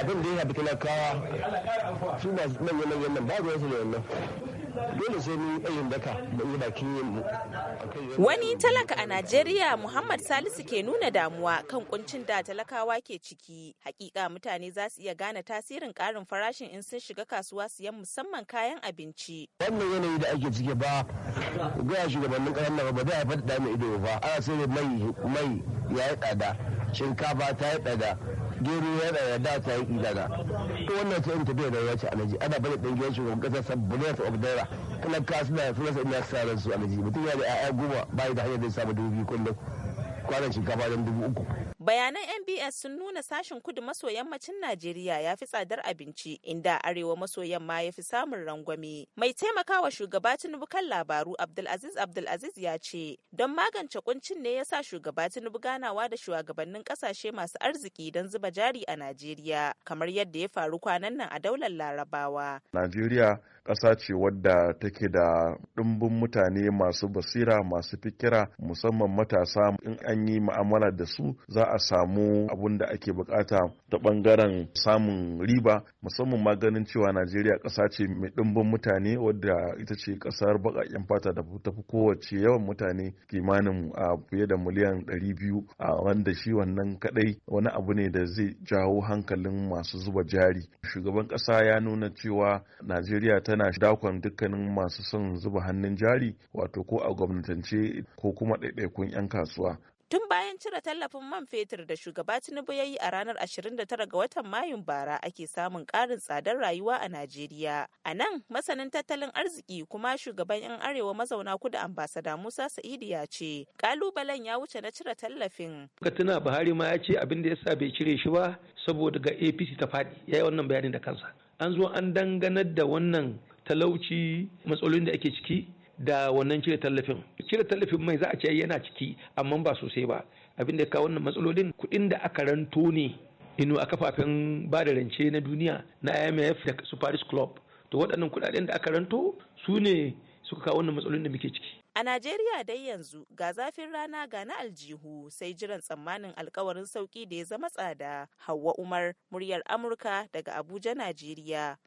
abin da ya haɗu talakawa su ba manyan manyan nan ba wasu da wannan dole sai ni tsayin daka da yi bakin yin mu wani talaka a najeriya muhammad salisu ke nuna damuwa kan kuncin da talakawa ke ciki hakika mutane za su iya gane tasirin karin farashin in sun shiga kasuwa siyan musamman kayan abinci wannan yanayi da ake ciki ba ga shugabannin karan nan ba zai haifar da ido ba ana sai mai mai ya yi tsada shinkafa ta yi tsada gero ya yarda ta yi daga to wannan sai ta bai da ya ce alaji ana bari dan gidan shugaban kasa bullet of kana talaka suna suna sai ina sa ran su alaji mutum ya da ƴaƴa goma bai da hanyar da samu dubu biyu kullum kwanan shinkafa don dubu uku Bayanan NBS sun nuna sashen kudu maso yammacin Najeriya ya fi tsadar abinci inda arewa maso yamma ya fi samun rangwame. Mai taimakawa shugaba Tinubu kan labaru Abdulaziz Abdulaziz ya ce, don magance kuncin ne ya sa shugaba Tinubu ganawa da shugabannin kasashe masu arziki don zuba jari a Najeriya, kamar yadda ya faru kwanan nan a daular Larabawa. Najeriya ƙasa ce wadda take da ɗumbin mutane masu basira masu fikira musamman matasa in an yi mu'amala da su za a a samu abun da ake bukata ta bangaren samun riba musamman maganin cewa najeriya ƙasa ce mai ɗimbin mutane wadda ita ce ƙasar baƙaƙen fata da ta fi kowace yawan mutane kimanin a fiye da miliyan 200 a wanda shi wannan kadai wani abu ne da zai jawo hankalin masu zuba jari shugaban ƙasa ya nuna cewa najeriya tana dakon dukkanin masu son zuba hannun jari wato ko a gwamnatance ko kuma ɗaiɗaikun 'yan kasuwa Tun bayan cire tallafin man fetur da shugaba Tinubu ya yi a ranar 29 ga watan Mayun bara ake samun ƙarin tsadar rayuwa a Najeriya. A nan masanin tattalin arziki kuma shugaban 'yan arewa mazauna kudu ambasada Musa Sa'idu ya ce, kalubalen ya wuce na cire tallafin. Katina Buhari ma ya ce abin da ya bai cire shi ba saboda ga APC ta faɗi ya yi wannan bayanin da kansa. An zo an danganar da wannan talauci matsalolin da ake ciki da wannan cire tallafin cire tallafin mai za a ce yana ciki amma ba sosai ba abinda ya kawo wannan matsalolin kuɗin da aka ranto ne inu a kafafen ba da rance na duniya na IMF da su Paris Club to waɗannan kuɗaɗen da aka ranto su ne suka kawo wannan matsalolin da muke ciki A Najeriya dai yanzu ga zafin rana ga na aljihu sai jiran tsammanin alkawarin sauki da ya zama tsada. Hauwa Umar, muryar Amurka daga Abuja, Najeriya.